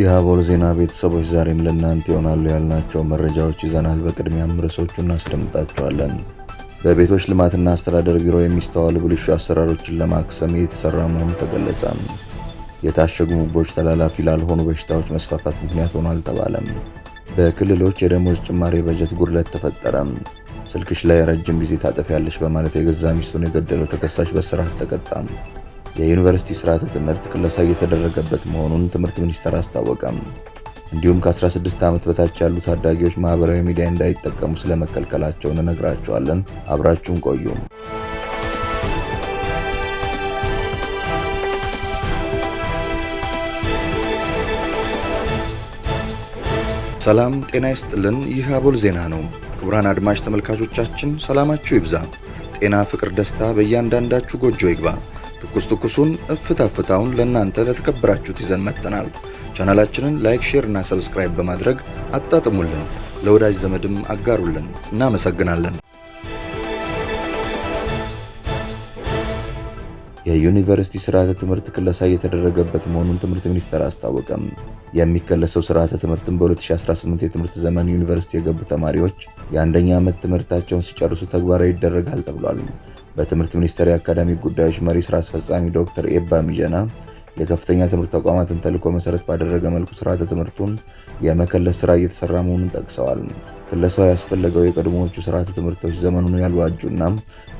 የአቦል ዜና ቤተሰቦች ዛሬም ለእናንተ ይሆናሉ ያልናቸው መረጃዎች ይዘናል። በቅድሚያም ርዕሶቹ እናስደምጣቸዋለን። በቤቶች ልማትና አስተዳደር ቢሮ የሚስተዋሉ ብልሹ አሰራሮችን ለማክሰም የተሰራ መሆኑ ተገለጸ። የታሸጉ ምግቦች ተላላፊ ላልሆኑ በሽታዎች መስፋፋት ምክንያት ሆኖ አልተባለም። በክልሎች የደሞዝ ጭማሪ በጀት ጉድለት ተፈጠረ። ስልክሽ ላይ ረጅም ጊዜ ታጠፊያለሽ በማለት የገዛ ሚስቱን የገደለው ተከሳሽ በስራት ተቀጣም። የዩኒቨርሲቲ ስርዓተ ትምህርት ክለሳ እየተደረገበት መሆኑን ትምህርት ሚኒስቴር አስታወቀም። እንዲሁም ከ16 ዓመት በታች ያሉ ታዳጊዎች ማህበራዊ ሚዲያ እንዳይጠቀሙ ስለመከልከላቸውን እነግራቸዋለን። አብራችሁን ቆዩ። ሰላም ጤና ይስጥልን። ይህ አቦል ዜና ነው። ክቡራን አድማጭ ተመልካቾቻችን ሰላማችሁ ይብዛ፣ ጤና፣ ፍቅር፣ ደስታ በእያንዳንዳችሁ ጎጆ ይግባ። ትኩስ ትኩሱን እፍታ ፍታውን ለእናንተ ለተከበራችሁት ይዘን መጥተናል። ቻናላችንን ላይክ፣ ሼር እና ሰብስክራይብ በማድረግ አጣጥሙልን፣ ለወዳጅ ዘመድም አጋሩልን። እናመሰግናለን። የዩኒቨርሲቲ ስርዓተ ትምህርት ክለሳ እየተደረገበት መሆኑን ትምህርት ሚኒስቴር አስታወቀም። የሚከለሰው ስርዓተ ትምህርትም በ2018 የትምህርት ዘመን ዩኒቨርሲቲ የገቡ ተማሪዎች የአንደኛ ዓመት ትምህርታቸውን ሲጨርሱ ተግባራዊ ይደረጋል ተብሏል። በትምህርት ሚኒስቴር የአካዳሚ ጉዳዮች መሪ ስራ አስፈጻሚ ዶክተር ኤባ ሚጀና የከፍተኛ ትምህርት ተቋማትን ተልዕኮ መሰረት ባደረገ መልኩ ስርዓተ ትምህርቱን የመከለስ ስራ እየተሰራ መሆኑን ጠቅሰዋል። ክለሳው ያስፈለገው የቀድሞዎቹ ስርዓተ ትምህርቶች ዘመኑን ያልዋጁና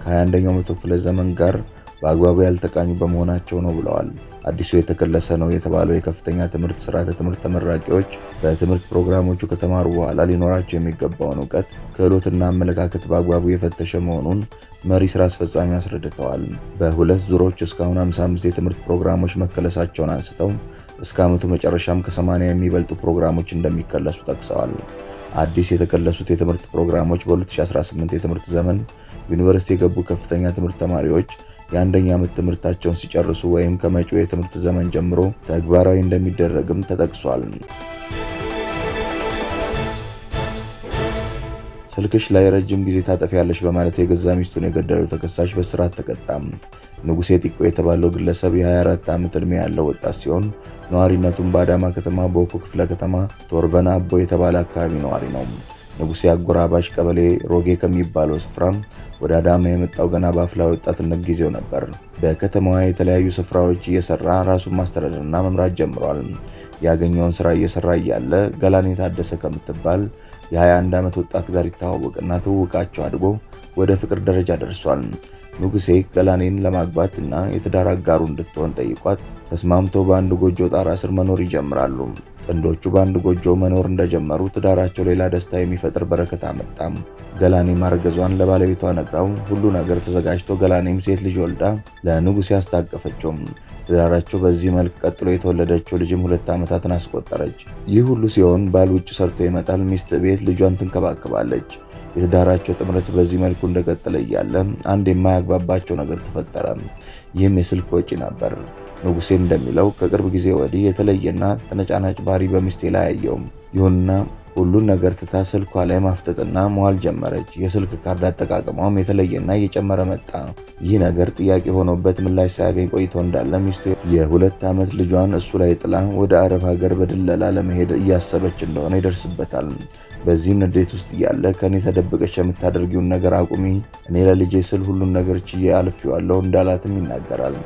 ከ21ኛው መቶ ክፍለ ዘመን ጋር በአግባቡ ያልተቃኙ በመሆናቸው ነው ብለዋል። አዲሱ የተከለሰ ነው የተባለው የከፍተኛ ትምህርት ስርዓተ ትምህርት ተመራቂዎች በትምህርት ፕሮግራሞቹ ከተማሩ በኋላ ሊኖራቸው የሚገባውን እውቀት፣ ክህሎትና አመለካከት በአግባቡ የፈተሸ መሆኑን መሪ ስራ አስፈጻሚ አስረድተዋል። በሁለት ዙሮች እስካሁን 55 የትምህርት ፕሮግራሞች መከለሳቸውን አንስተው እስከ ዓመቱ መጨረሻም ከ80 የሚበልጡ ፕሮግራሞች እንደሚከለሱ ጠቅሰዋል። አዲስ የተቀለሱት የትምህርት ፕሮግራሞች በ2018 የትምህርት ዘመን ዩኒቨርሲቲ የገቡ ከፍተኛ ትምህርት ተማሪዎች የአንደኛ ዓመት ትምህርታቸውን ሲጨርሱ ወይም ከመጪው የትምህርት ዘመን ጀምሮ ተግባራዊ እንደሚደረግም ተጠቅሷል። ስልክሽ ላይ ረጅም ጊዜ ታጠፊያለሽ በማለት የገዛ ሚስቱን የገደለው ተከሳሽ በስርዓት ተቀጣም። ንጉሴ ጢቆ የተባለው ግለሰብ የ24 ዓመት ዕድሜ ያለው ወጣት ሲሆን ነዋሪነቱን በአዳማ ከተማ በወኩ ክፍለ ከተማ ቶርበና አቦ የተባለ አካባቢ ነዋሪ ነው። ንጉሴ አጎራባሽ ቀበሌ ሮጌ ከሚባለው ስፍራ ወደ አዳማ የመጣው ገና በአፍላ ወጣትነት ጊዜው ነበር። በከተማዋ የተለያዩ ስፍራዎች እየሰራ ራሱን ማስተዳደርና መምራት ጀምሯል። ያገኘውን ስራ እየሰራ እያለ ገላኔ የታደሰ ከምትባል የ21 ዓመት ወጣት ጋር ይተዋወቅና ትውውቃቸው አድጎ ወደ ፍቅር ደረጃ ደርሷል። ንጉሴ ገላኔን ለማግባት እና የትዳር አጋሩ እንድትሆን ጠይቋት ተስማምተው በአንድ ጎጆ ጣራ ስር መኖር ይጀምራሉ። ጥንዶቹ በአንድ ጎጆ መኖር እንደጀመሩ ትዳራቸው ሌላ ደስታ የሚፈጥር በረከት አመጣም። ገላኔ ማርገዟን ለባለቤቷ ነግራው ሁሉ ነገር ተዘጋጅቶ ገላኔም ሴት ልጅ ወልዳ ለንጉሥ ያስታቀፈችውም። ትዳራቸው በዚህ መልክ ቀጥሎ የተወለደችው ልጅም ሁለት ዓመታትን አስቆጠረች። ይህ ሁሉ ሲሆን ባል ውጭ ሰርቶ ይመጣል፣ ሚስት ቤት ልጇን ትንከባከባለች። የትዳራቸው ጥምረት በዚህ መልኩ እንደቀጠለ እያለ አንድ የማያግባባቸው ነገር ተፈጠረ። ይህም የስልክ ወጪ ነበር። ንጉሴ እንደሚለው ከቅርብ ጊዜ ወዲህ የተለየና ተነጫናጭ ባህሪ በሚስቴ ላይ አየውም። ይሁንና ሁሉን ነገር ትታ ስልኳ ላይ ማፍጠጥና መዋል ጀመረች። የስልክ ካርድ አጠቃቀሟም የተለየና እየጨመረ መጣ። ይህ ነገር ጥያቄ ሆኖበት ምላሽ ሳያገኝ ቆይቶ እንዳለ ሚስቱ የሁለት ዓመት ልጇን እሱ ላይ ጥላ ወደ አረብ ሀገር በድለላ ለመሄድ እያሰበች እንደሆነ ይደርስበታል። በዚህም ንዴት ውስጥ እያለ ከእኔ ተደብቀች የምታደርጊውን ነገር አቁሚ፣ እኔ ለልጄ ስል ሁሉን ነገር ችዬ አልፌዋለሁ እንዳላትም ይናገራል።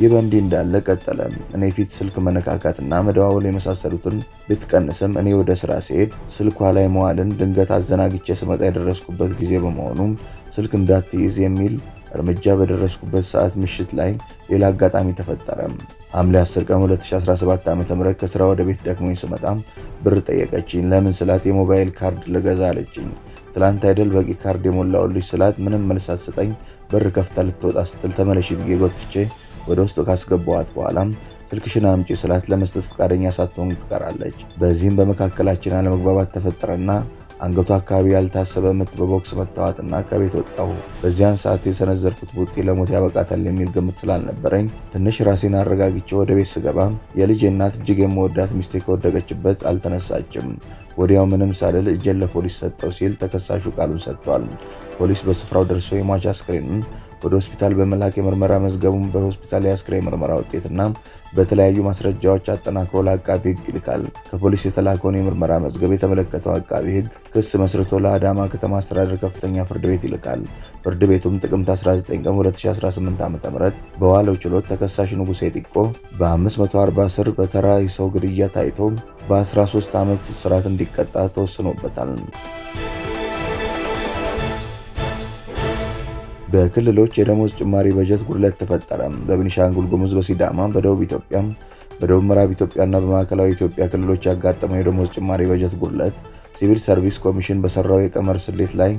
ይህ በእንዲህ እንዳለ ቀጠለ። እኔ ፊት ስልክ መነካካትና መደዋወል የመሳሰሉትን ብትቀንስም እኔ ወደ ስራ ሲሄድ ስልኳ ላይ መዋልን ድንገት አዘናግቼ ስመጣ የደረስኩበት ጊዜ በመሆኑ ስልክ እንዳትይዝ የሚል እርምጃ በደረስኩበት ሰዓት ምሽት ላይ ሌላ አጋጣሚ ተፈጠረ። ሐምሌ 10 ቀን 2017 ዓ.ም ከስራ ወደ ቤት ደክሞኝ ስመጣ ብር ጠየቀችኝ። ለምን ስላት የሞባይል ካርድ ልገዛ አለችኝ። ትላንት አይደል በቂ ካርድ የሞላውልሽ ስላት ምንም መልስ አትሰጠኝ። በር ከፍታ ልትወጣ ስትል ተመለሽ ብዬ ጎትቼ ወደ ውስጥ ካስገባዋት በኋላም ስልክሽን አምጪ ስላት ለመስጠት ፈቃደኛ ሳትሆን ትቀራለች። በዚህም በመካከላችን አለመግባባት ተፈጠረና አንገቱ አካባቢ ያልታሰበ ምት በቦክስ መታዋትና ከቤት ወጣሁ። በዚያን ሰዓት የሰነዘርኩት ቡጤ ለሞት ያበቃታል የሚል ግምት ስላልነበረኝ ትንሽ ራሴን አረጋግቼ ወደ ቤት ስገባ የልጅ እናት እጅግ የመወዳት ሚስቴ ከወደቀችበት አልተነሳችም። ወዲያው ምንም ሳልል እጄን ለፖሊስ ሰጠው ሲል ተከሳሹ ቃሉን ሰጥቷል። ፖሊስ በስፍራው ደርሶ የሟች አስክሬንን ወደ ሆስፒታል በመላክ የምርመራ መዝገቡን በሆስፒታል የአስክሬን ምርመራ ውጤትና በተለያዩ ማስረጃዎች አጠናክሮ ለአቃቢ ህግ ይልካል። ከፖሊስ የተላከውን የምርመራ መዝገብ የተመለከተው አቃቢ ህግ ክስ መስርቶ ለአዳማ ከተማ አስተዳደር ከፍተኛ ፍርድ ቤት ይልካል። ፍርድ ቤቱም ጥቅምት 19 ቀን 2018 ዓ.ም በዋለው ችሎት ተከሳሽ ንጉሴ ጢቆ በ540 ስር በተራ የሰው ግድያ ታይቶ በ13 ዓመት እስራት እንዲቀጣ ተወስኖበታል። በክልሎች የደሞዝ ጭማሪ በጀት ጉድለት ተፈጠረ። በቤኒሻንጉል ጉሙዝ፣ በሲዳማ፣ በደቡብ ኢትዮጵያ፣ በደቡብ ምዕራብ ኢትዮጵያና በማዕከላዊ ኢትዮጵያ ክልሎች ያጋጠመው የደሞዝ ጭማሪ በጀት ጉድለት ሲቪል ሰርቪስ ኮሚሽን በሰራው የቀመር ስሌት ላይ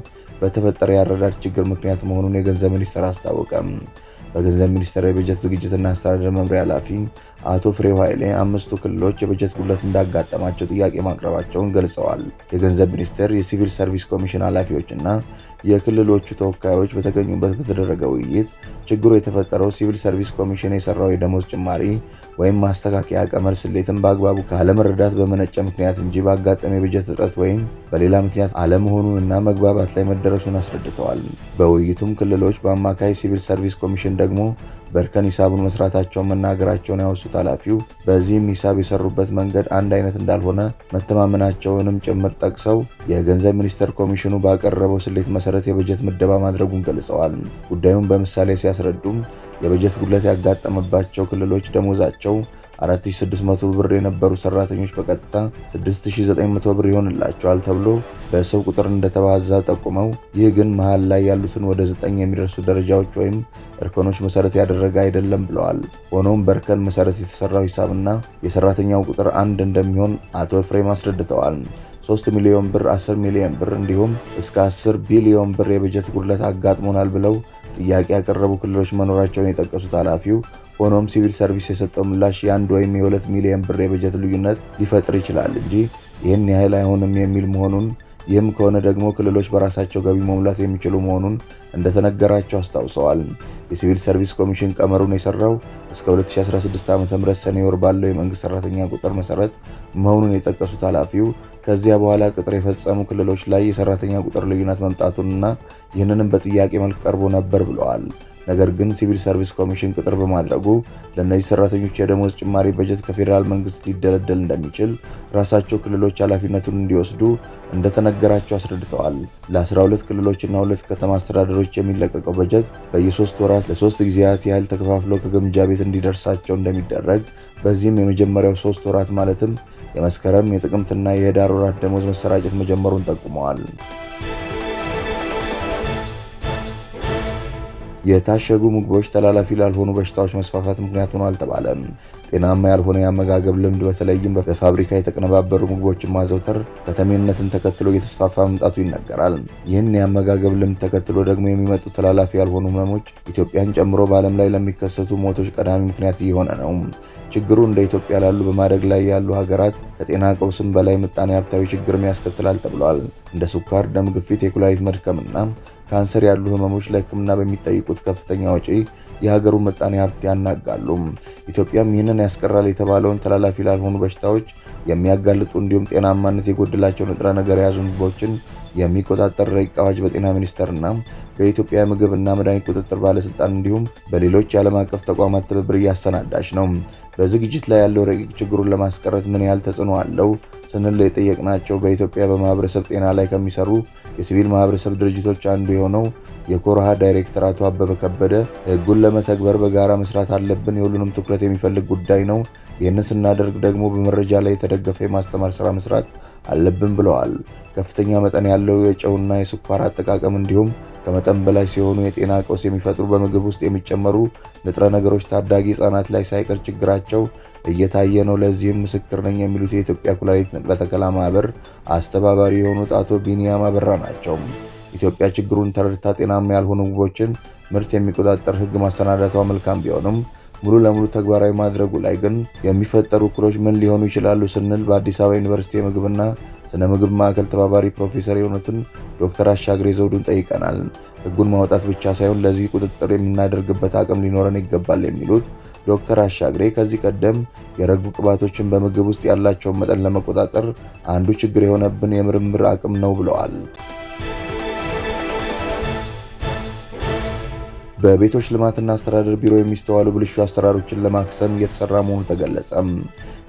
በተፈጠረ የአረዳድ ችግር ምክንያት መሆኑን የገንዘብ ሚኒስቴር አስታወቀ። በገንዘብ ሚኒስቴር የበጀት ዝግጅትና አስተዳደር መምሪያ ኃላፊ አቶ ፍሬው ኃይሌ አምስቱ ክልሎች የበጀት ጉድለት እንዳጋጠማቸው ጥያቄ ማቅረባቸውን ገልጸዋል። የገንዘብ ሚኒስቴር የሲቪል ሰርቪስ ኮሚሽን ኃላፊዎችና የክልሎቹ ተወካዮች በተገኙበት በተደረገ ውይይት ችግሩ የተፈጠረው ሲቪል ሰርቪስ ኮሚሽን የሰራው የደሞዝ ጭማሪ ወይም ማስተካከያ ቀመር ስሌትን በአግባቡ ካለመረዳት በመነጨ ምክንያት እንጂ በአጋጣሚ የበጀት እጥረት ወይም በሌላ ምክንያት አለመሆኑን እና መግባባት ላይ መደረሱን አስረድተዋል። በውይይቱም ክልሎች በአማካይ ሲቪል ሰርቪስ ኮሚሽን ደግሞ በእርከን ሂሳቡን መስራታቸውን መናገራቸውን ያወሱት ኃላፊው በዚህም ሂሳብ የሰሩበት መንገድ አንድ አይነት እንዳልሆነ መተማመናቸውንም ጭምር ጠቅሰው የገንዘብ ሚኒስቴር ኮሚሽኑ ባቀረበው ስሌት መሰረት የበጀት ምደባ ማድረጉን ገልጸዋል። ጉዳዩን በምሳሌ ሲያስ ሲያስረዱም የበጀት ጉድለት ያጋጠመባቸው ክልሎች ደሞዛቸው 4600 ብር የነበሩ ሰራተኞች በቀጥታ 6900 ብር ይሆንላቸዋል ተብሎ በሰው ቁጥር እንደተባዛ ጠቁመው ይህ ግን መሀል ላይ ያሉትን ወደ 9 የሚደርሱ ደረጃዎች ወይም እርከኖች መሰረት ያደረገ አይደለም ብለዋል። ሆኖም በእርከን መሰረት የተሰራው ሂሳብና የሰራተኛው ቁጥር አንድ እንደሚሆን አቶ ፍሬም አስረድተዋል። 3 ሚሊዮን ብር፣ 10 ሚሊዮን ብር እንዲሁም እስከ 10 ቢሊዮን ብር የበጀት ጉድለት አጋጥሞናል ብለው ጥያቄ ያቀረቡ ክልሎች መኖራቸውን የጠቀሱት ኃላፊው ሆኖም ሲቪል ሰርቪስ የሰጠው ምላሽ የአንድ ወይም የሁለት ሚሊዮን ብር የበጀት ልዩነት ሊፈጥር ይችላል እንጂ ይህን ያህል አይሆንም የሚል መሆኑን ይህም ከሆነ ደግሞ ክልሎች በራሳቸው ገቢ መሙላት የሚችሉ መሆኑን እንደተነገራቸው አስታውሰዋል። የሲቪል ሰርቪስ ኮሚሽን ቀመሩን የሰራው እስከ 2016 ዓ ም ሰኔ ወር ባለው የመንግስት ሰራተኛ ቁጥር መሰረት መሆኑን የጠቀሱት ኃላፊው ከዚያ በኋላ ቅጥር የፈጸሙ ክልሎች ላይ የሰራተኛ ቁጥር ልዩነት መምጣቱንና ይህንንም በጥያቄ መልክ ቀርቦ ነበር ብለዋል። ነገር ግን ሲቪል ሰርቪስ ኮሚሽን ቅጥር በማድረጉ ለእነዚህ ሰራተኞች የደሞዝ ጭማሪ በጀት ከፌዴራል መንግስት ሊደለደል እንደሚችል ራሳቸው ክልሎች ኃላፊነቱን እንዲወስዱ እንደተነገራቸው አስረድተዋል። ለ12 ክልሎችና ሁለት ከተማ አስተዳደሮች የሚለቀቀው በጀት በየሶስት ወራት ለሶስት ጊዜያት ያህል ተከፋፍሎ ከግምጃ ቤት እንዲደርሳቸው እንደሚደረግ በዚህም የመጀመሪያው ሶስት ወራት ማለትም የመስከረም የጥቅምትና የህዳር ወራት ደሞዝ መሰራጨት መጀመሩን ጠቁመዋል። የታሸጉ ምግቦች ተላላፊ ላልሆኑ በሽታዎች መስፋፋት ምክንያት ሆኖ አልተባለም። ጤናማ ያልሆነ የአመጋገብ ልምድ በተለይም በፋብሪካ የተቀነባበሩ ምግቦችን ማዘውተር ከተሜነትን ተከትሎ እየተስፋፋ መምጣቱ ይነገራል። ይህን የአመጋገብ ልምድ ተከትሎ ደግሞ የሚመጡ ተላላፊ ያልሆኑ ህመሞች ኢትዮጵያን ጨምሮ በዓለም ላይ ለሚከሰቱ ሞቶች ቀዳሚ ምክንያት እየሆነ ነው። ችግሩ እንደ ኢትዮጵያ ላሉ በማደግ ላይ ያሉ ሀገራት ከጤና ቀውስም በላይ ምጣኔ ሀብታዊ ችግርም ያስከትላል ተብሏል። እንደ ስኳር፣ ደም ግፊት፣ የኩላሊት መድከምና ካንሰር ያሉ ህመሞች ለህክምና በሚጠይቁት ከፍተኛ ወጪ የሀገሩ ምጣኔ ሀብት ያናጋሉ። ኢትዮጵያም ይህንን ያስቀራል የተባለውን ተላላፊ ላልሆኑ በሽታዎች የሚያጋልጡ እንዲሁም ጤናማነት የጎደላቸው ንጥረ ነገር የያዙ ምግቦችን የሚቆጣጠር ረቂቅ አዋጅ በጤና ሚኒስቴርና በኢትዮጵያ እና መድኃኒት ቁጥጥር ባለስልጣን እንዲሁም በሌሎች የዓለም አቀፍ ተቋማት ትብብር እያሰናዳች ነው። በዝግጅት ላይ ያለው ረቂቅ ችግሩን ለማስቀረት ምን ያህል ተጽዕኖ አለው ስንል የጠየቅናቸው በኢትዮጵያ በማህበረሰብ ጤና ላይ ከሚሰሩ የሲቪል ማህበረሰብ ድርጅቶች አንዱ የሆነው የኮርሃ ዳይሬክተር አቶ አበበ ከበደ ህጉን ለመተግበር በጋራ መስራት አለብን፣ የሁሉንም ትኩረት የሚፈልግ ጉዳይ ነው። ይህንን ስናደርግ ደግሞ በመረጃ ላይ የተደገፈ የማስተማር ስራ መስራት አለብን ብለዋል። ከፍተኛ መጠን ያለ ያለው የጨውና የስኳር አጠቃቀም እንዲሁም ከመጠን በላይ ሲሆኑ የጤና ቀውስ የሚፈጥሩ በምግብ ውስጥ የሚጨመሩ ንጥረ ነገሮች ታዳጊ ህጻናት ላይ ሳይቀር ችግራቸው እየታየ ነው። ለዚህም ምስክር ነኝ የሚሉት የኢትዮጵያ ኩላሊት ንቅለ ተከላ ማህበር አስተባባሪ የሆኑት አቶ ቢኒያም አበራ ናቸው። ኢትዮጵያ ችግሩን ተረድታ ጤናማ ያልሆኑ ምግቦችን ምርት የሚቆጣጠር ህግ ማሰናዳቷ መልካም ቢሆንም ሙሉ ለሙሉ ተግባራዊ ማድረጉ ላይ ግን የሚፈጠሩ እክሎች ምን ሊሆኑ ይችላሉ ስንል በአዲስ አበባ ዩኒቨርሲቲ የምግብና ስነ ምግብ ማዕከል ተባባሪ ፕሮፌሰር የሆኑትን ዶክተር አሻግሬ ዘውዱን ጠይቀናል። ህጉን ማውጣት ብቻ ሳይሆን ለዚህ ቁጥጥር የምናደርግበት አቅም ሊኖረን ይገባል የሚሉት ዶክተር አሻግሬ ከዚህ ቀደም የረጉ ቅባቶችን በምግብ ውስጥ ያላቸውን መጠን ለመቆጣጠር አንዱ ችግር የሆነብን የምርምር አቅም ነው ብለዋል። በቤቶች ልማትና አስተዳደር ቢሮ የሚስተዋሉ ብልሹ አሰራሮችን ለማክሰም እየተሰራ መሆኑ ተገለጸ።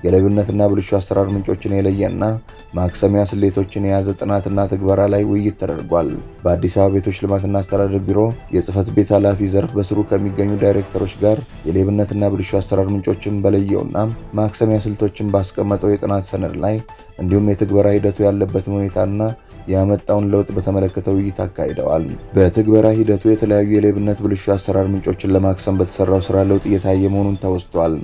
የሌብነትና ብልሹ አሰራር ምንጮችን የለየና ማክሰሚያ ስሌቶችን የያዘ ጥናትና ትግበራ ላይ ውይይት ተደርጓል። በአዲስ አበባ ቤቶች ልማትና አስተዳደር ቢሮ የጽህፈት ቤት ኃላፊ ዘርፍ በስሩ ከሚገኙ ዳይሬክተሮች ጋር የሌብነትና ብልሹ አሰራር ምንጮችን በለየውና ማክሰሚያ ስልቶችን ባስቀመጠው የጥናት ሰነድ ላይ እንዲሁም የትግበራ ሂደቱ ያለበትን ሁኔታና ያመጣውን ለውጥ በተመለከተ ውይይት አካሂደዋል። በትግበራ ሂደቱ የተለያዩ የሌብነት ብልሹ አሰራር ምንጮችን ለማክሰም በተሰራው ስራ ለውጥ እየታየ መሆኑን ተወስቷል።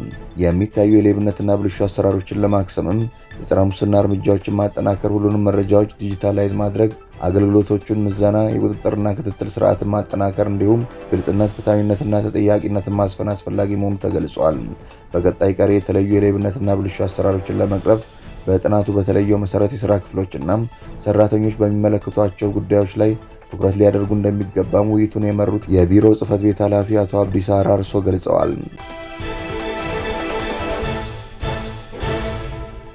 የሚታዩ የሌብነትና ብልሹ አሰራሮችን ለማክሰምም የጸረ ሙስና እርምጃዎችን ማጠናከር፣ ሁሉንም መረጃዎች ዲጂታላይዝ ማድረግ፣ አገልግሎቶቹን ምዘና፣ የቁጥጥርና ክትትል ስርዓትን ማጠናከር እንዲሁም ግልጽነት፣ ፍትሐዊነትና ተጠያቂነትን ማስፈን አስፈላጊ መሆኑ ተገልጿል። በቀጣይ ቀሪ የተለዩ የሌብነትና ብልሹ አሰራሮችን ለመቅረፍ በጥናቱ በተለየው መሰረት የስራ ክፍሎችና ሰራተኞች በሚመለከቷቸው ጉዳዮች ላይ ትኩረት ሊያደርጉ እንደሚገባም ውይይቱን የመሩት የቢሮ ጽህፈት ቤት ኃላፊ አቶ አብዲሳ አራርሶ ገልጸዋል።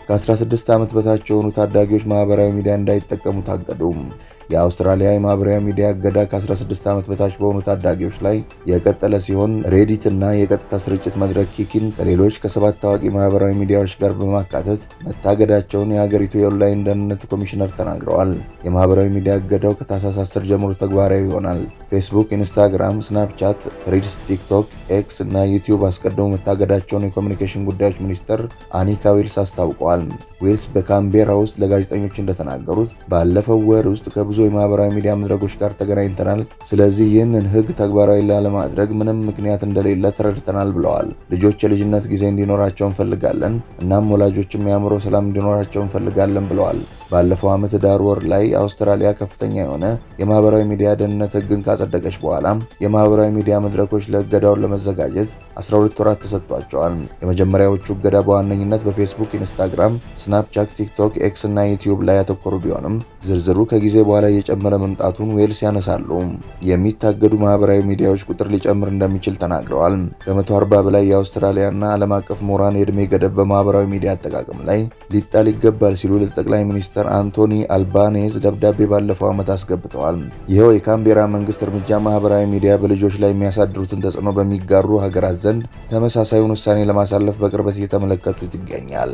ከ16 ዓመት በታች የሆኑ ታዳጊዎች ማህበራዊ ሚዲያ እንዳይጠቀሙ ታገዱም። የአውስትራሊያ የማህበራዊ ሚዲያ እገዳ ከ16 ዓመት በታች በሆኑ ታዳጊዎች ላይ የቀጠለ ሲሆን ሬዲት እና የቀጥታ ስርጭት መድረክ ኪኪን ከሌሎች ከሰባት ታዋቂ ማህበራዊ ሚዲያዎች ጋር በማካተት መታገዳቸውን የሀገሪቱ የኦንላይን ደህንነት ኮሚሽነር ተናግረዋል። የማህበራዊ ሚዲያ እገዳው ከታህሳስ 10 ጀምሮ ተግባራዊ ይሆናል። ፌስቡክ፣ ኢንስታግራም፣ ስናፕቻት፣ ትሬድስ፣ ቲክቶክ፣ ኤክስ እና ዩቲዩብ አስቀድሞ መታገዳቸውን የኮሚኒኬሽን ጉዳዮች ሚኒስትር አኒካ ዊልስ አስታውቀዋል። ዊልስ በካምቤራ ውስጥ ለጋዜጠኞች እንደተናገሩት ባለፈው ወር ውስጥ ከብዙ ጉዞ የማህበራዊ ሚዲያ መድረኮች ጋር ተገናኝተናል። ስለዚህ ይህንን ህግ ተግባራዊ ላለማድረግ ምንም ምክንያት እንደሌለ ተረድተናል ብለዋል። ልጆች የልጅነት ጊዜ እንዲኖራቸው እንፈልጋለን። እናም ወላጆችም የአእምሮ ሰላም እንዲኖራቸው እንፈልጋለን ብለዋል። ባለፈው ዓመት ዳር ወር ላይ አውስትራሊያ ከፍተኛ የሆነ የማህበራዊ ሚዲያ ደህንነት ህግን ካጸደቀች በኋላ የማህበራዊ ሚዲያ መድረኮች ለእገዳውን ለመዘጋጀት 12 ወራት ተሰጥቷቸዋል። የመጀመሪያዎቹ እገዳ በዋነኝነት በፌስቡክ፣ ኢንስታግራም፣ ስናፕቻት፣ ቲክቶክ፣ ኤክስ እና ዩቲዩብ ላይ ያተኮሩ ቢሆንም ዝርዝሩ ከጊዜ በኋላ እየጨመረ መምጣቱን ዌልስ ያነሳሉ። የሚታገዱ ማህበራዊ ሚዲያዎች ቁጥር ሊጨምር እንደሚችል ተናግረዋል። ከ140 በላይ የአውስትራሊያና ዓለም አቀፍ ምሁራን የዕድሜ ገደብ በማህበራዊ ሚዲያ አጠቃቀም ላይ ሊጣል ይገባል ሲሉ ለጠቅላይ ሚኒስትር ሚኒስትር አንቶኒ አልባኔዝ ደብዳቤ ባለፈው ዓመት አስገብተዋል። ይኸው የካምቤራ መንግስት እርምጃ ማህበራዊ ሚዲያ በልጆች ላይ የሚያሳድሩትን ተጽዕኖ በሚጋሩ ሀገራት ዘንድ ተመሳሳዩን ውሳኔ ለማሳለፍ በቅርበት እየተመለከቱት ይገኛል።